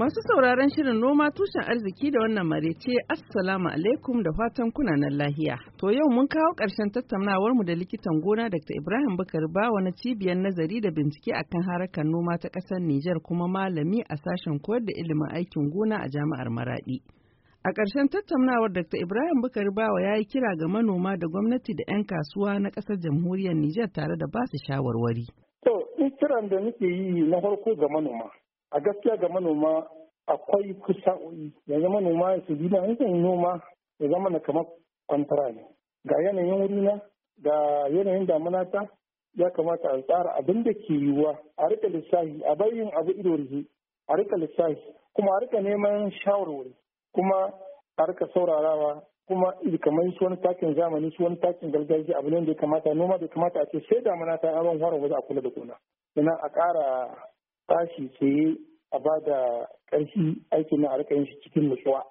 Masu sauraron shirin noma tushen arziki da wannan marece Assalamu alaikum da fatan kuna nan lahiya. To yau mun kawo ƙarshen tattaunawar mu da likitan gona Dr. Ibrahim Bakar ba wani cibiyar nazari da bincike akan harakar noma ta ƙasar Nijar kuma malami a sashen koyar da ilimin aikin gona a jami'ar Maradi. A ƙarshen tattaunawar Dr. Ibrahim Bukar Bawa ya yi kira ga manoma da gwamnati da 'yan kasuwa na ƙasar jamhuriyar Nijar tare da ba su shawarwari. To, in kiran da nake yi na farko ga manoma. a gaskiya ga manoma akwai kusa'o'i yanzu manoma ya su dina in zan noma ya zama na kamar kwantara ne ga yanayin wurina ga yanayin damuna ta ya kamata a tsara abin da ke yiwuwa a rika lissafi a bayin abu ido rufe a rika lissafi kuma a rika neman shawarwari kuma a rika saurarawa kuma kamar su wani takin zamani su wani takin gargajiya abu ne da ya kamata noma da kamata a ce sai damuna ta abin horo wajen a kula da gona ina a ƙara tashi tsaye a ba da ƙarfi aikin na a shi cikin nutsuwa.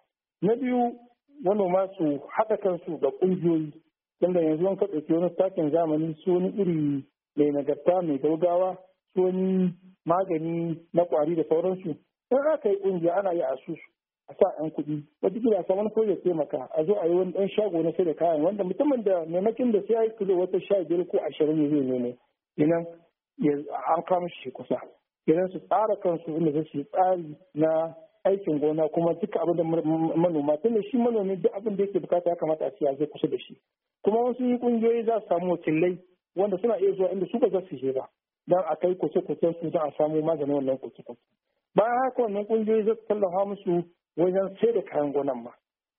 Na biyu manoma su haɗa kansu da ƙungiyoyi tunda yanzu an ke wani takin zamani su wani iri mai nagarta mai gaugawa su wani magani na ƙwari da sauransu. Yan aka yi ƙungiya ana yi asusu a sa 'yan kuɗi wata gida sa wani ya taimaka a zo a yi wani ɗan shago na sai da kayan wanda mutumin da maimakin da sai ya yi kilo wata sha biyar ko ashirin ne zai nemo. Ina an kama shi kusa. idan su tsara kansu inda za su yi tsari na aikin gona kuma duka abin da manoma da shi manomi duk abin da yake bukata ya kamata a siya zai kusa da shi kuma wasu kungiyoyi za su samu wakilai wanda suna iya zuwa inda su ba za su je ba don a kai kwace-kwacen su don a samu maganin wannan kusa kusa bayan haka wannan kungiyoyi za su tallafa musu wajen sai da kayan gonan ma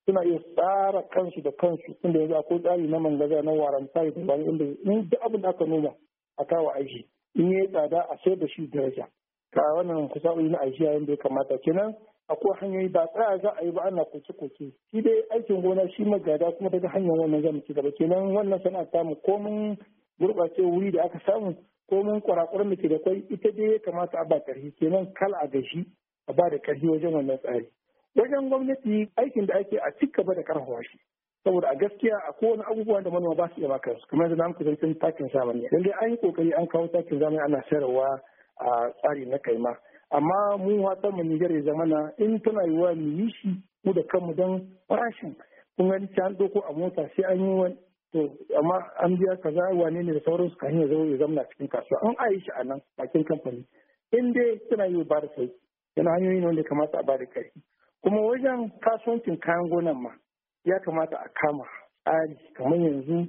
suna iya tsara kansu da kansu inda yanzu akwai tsari na mangaza na waran tsari da wani inda in duk abin da aka noma a kawo aiki in ya yi tsada a sayar da shi daraja ka wannan kusa'o'i na ajiya da ya kamata kenan akwai hanyoyi ba tsaya za a yi ba ana koke-koke shi dai aikin gona shi ma gada kuma daga hanyar wannan zamu ci gaba kenan wannan sana'a ta mu komin gurɓace wuri da aka samu komin kwarakwaran da ke da kwai ita dai ya kamata a ba karfi kenan kal a gashi a ba da ƙarfi wajen wannan tsari wajen gwamnati aikin da ake a ci gaba da karfafa shi saboda a gaskiya a kowane abubuwa da manoma ba su iya baka su kamar yanzu na muku zancen takin zamani dan dai an yi kokari an kawo takin zamani ana sayarwa a tsari na kaima amma mu watsar mu Nijar ya zamana in tana yiwuwa mu yi shi mu da kanmu don farashin kun gani ta an doko a mota sai an yi wani to amma an biya kaza wane ne da sauransu kan ya zama ya zamana cikin kasuwa an a yi shi a nan bakin kamfani in dai tana yi ba da sauki yana hanyoyi wanda kamata a ba da kuma wajen kasuwancin kayan gonan ma ya kamata a kama tsari kamar yanzu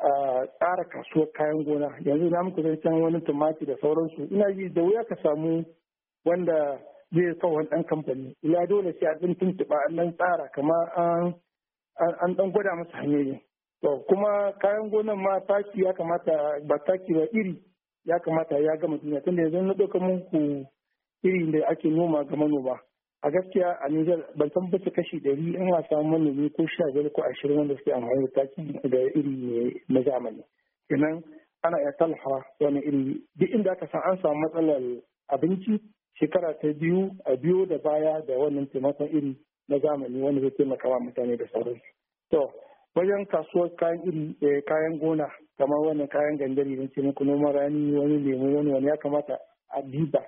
a tsara kasuwar kayan gona yanzu na muku can wani tumati da sauransu ina ji da wuya ka samu wanda zai kawo wani ɗan kamfani Ya dole sai a ɗin tuntuɓa an ɗan tsara kama an ɗan gwada masa hanyoyi to kuma kayan gonan ma taki ya kamata ba taki ba iri ya kamata ya gama duniya tunda yanzu na ɗauka muku iri da ake noma ga manoma a gaskiya a Nijar ban san bisa kashi ɗari in a samu manomi ko sha biyar ko ashirin wanda suke amfani da takin da iri na zamani kenan ana iya talha wani iri duk inda aka san an samu matsalar abinci shekara ta biyu a biyo da baya da wannan taimakon iri na zamani wanda zai taimaka wa mutane da sauransu to wajen kasuwar kayan iri eh, kayan gona kamar wannan kayan gandari don ce muku noman rani wani lemu wani wani ya kamata a diba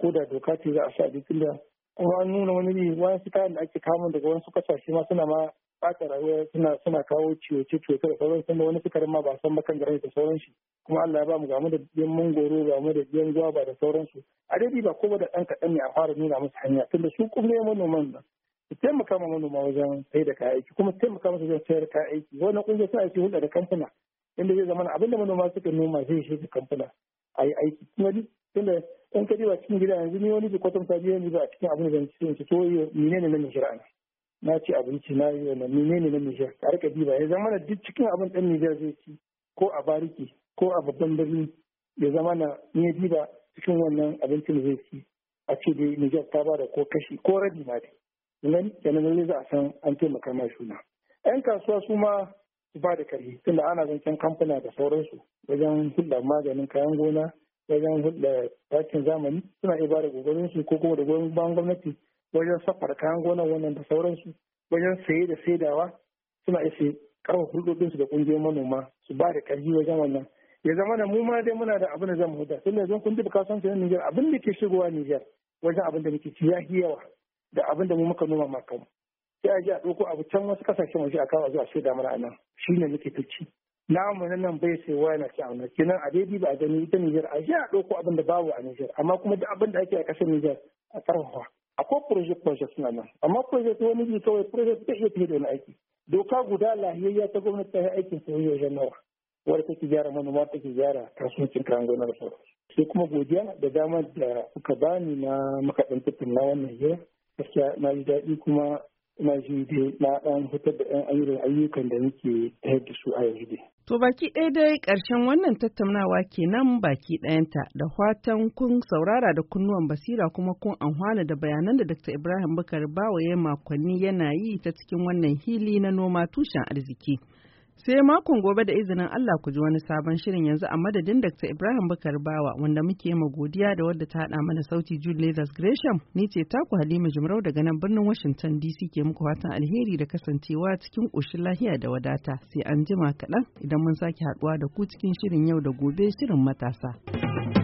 ko da doka ce za a sa duk inda kuma an nuna wani ne wasu kayan da ake kamun daga wasu kasashe ma suna ma ɓata rayuwa suna suna kawo ciwo ciwo da sauran sun da wani sukarin ma ba san ba garin da sauran shi kuma Allah ya ba mu gamu da biyan mangoro gamu da biyan ba da sauransu a daidai ba kowa da ɗan kaɗan ne a fara nuna musu hanya tunda su kuma manoman nan su taimaka ma manoma wajen sai da kayan aiki kuma su taimaka musu wajen sayar kayan aiki wannan ƙungiyar suna aiki hulɗa da kamfuna inda zai zama abinda da manoma suka noma zai shi da kamfuna a yi aiki kuma duk tunda in ka diba cikin gida yanzu ni wani bikotom ta biyo ni ba a cikin abin da zan ci to mene ne na Nijar na ci abinci na yi wannan ne na Nijar a rika diba ya zama na duk cikin abin ɗan Nijar zai ci ko a bariki ko a babban birni ya zama na ne diba cikin wannan abincin zai ci a ce dai Nijar ta bada ko kashi ko rabi ma dai nan kenan za a san an taimaka ma suna." 'Yan kasuwa su ma su ba da karfi tunda ana zancen kamfuna da sauransu wajen hulɗar maganin kayan gona wajen hulɗa takin zamani suna iya ba da su ko kuma da goyon ban gwamnati wajen saɓar kayan gona wannan da sauransu wajen saye da saidawa suna iya hulɗoɗin su da ƙungiyoyin manoma su ba da ƙarfi wajen wannan ya zama da mu ma dai muna da abin da zamu huda tunda yanzu kun duba su na Niger abin da ke shigowa Niger wajen abin da muke ci ya yawa da abin da mu muka noma ma kanmu sai a ji a ɗauko abu can wasu kasashen waje a kawo zuwa sai da mana a nan shine muke ta ci Na na nan bai sai waya ke auna kinan a daidai ba a gani ita Nijar a jiya a ɗauko abin da babu a Nijar amma kuma duk abin da ake a ƙasar Nijar a ƙarfafa akwai project project suna nan amma project wani bi kawai project ta iya fiye da wani aiki doka guda lahiyayya ta gwamnati ta yi aikin ta yi wajen nawa wadda take gyara manoma take gyara kasuwancin kayan gona da sai kuma godiya da dama da kuka bani na makaɗin na wannan hira gaskiya na ji daɗi kuma ina ji dai na ɗan fitar da ɗan ayyukan da nake tayar da su a yanzu dai To baki ɗaya dai ƙarshen wannan tattaunawa kenan baki ɗayanta da fatan kun saurara da kunnuwan basira kuma kun anhwana da bayanan da Dr. Ibrahim Bukar Bawa ya makonni yana yi ta cikin wannan hili na noma tushen arziki. sai makon gobe da izinin Allah ku ji wani sabon shirin yanzu a madadin Dr. Ibrahim Bakar Bawa wanda muke ma godiya da wadda ta haɗa mana sauti Jude Leathers Gresham ni ce taku Halima Jumrau daga nan birnin Washington DC ke muku fatan alheri da kasancewa cikin ƙoshin lahiya da wadata sai an jima kaɗan idan mun sake haɗuwa da ku cikin shirin yau da gobe shirin matasa.